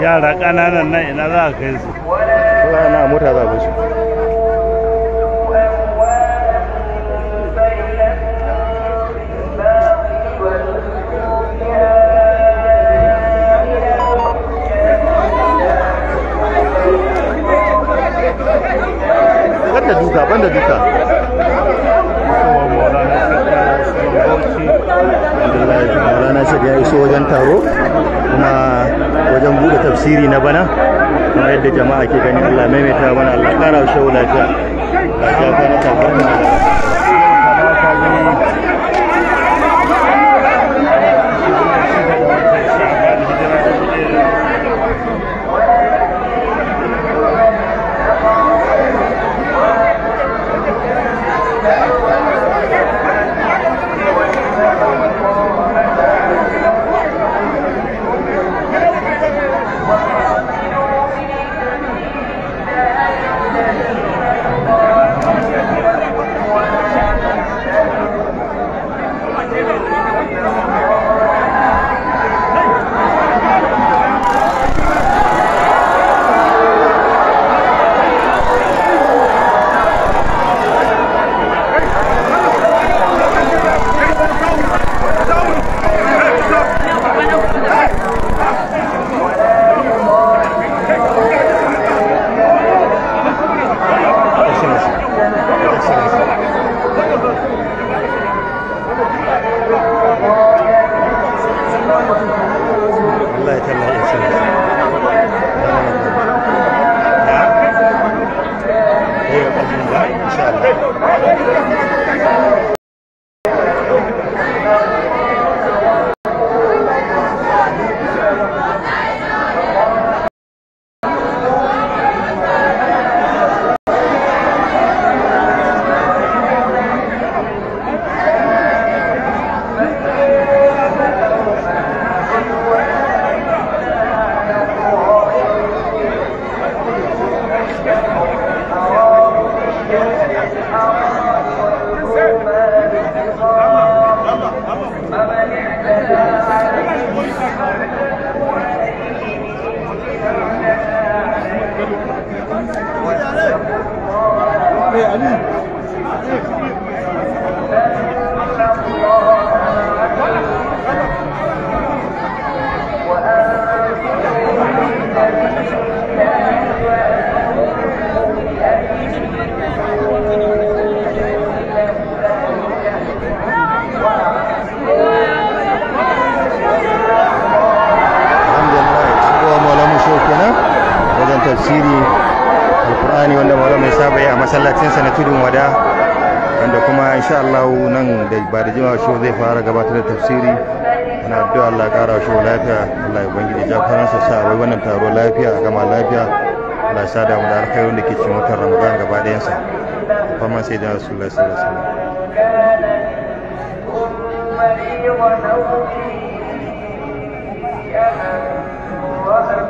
yara kananan nan ina za a kai su kuma na mota za a su banda duka banda duka rana shirya iso wajen taro kuma wajen bude tafsiri na bana kuma yadda jama'a ke gani Allah maimaita mana Allah kara shi lafiya ga jafa na tabbata Yeah, I mean. Qur'ani wanda maulama ya saba yi a masallacinsa na tudun wada wanda kuma insha Allah nan da ba da jima'a shi zai fara gabatar da tafsiri ana addu'a Allah ya kara shi lafiya Allah ya ubangiji ja faransa sa bai wannan taro lafiya gama lafiya Allah ya sada mu da alkhairi wanda ke cikin watan Ramadan gaba ɗayan sa kuma sai da Rasulullahi sallallahu alaihi wasallam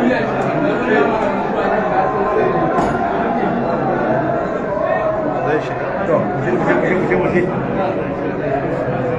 zai shiga to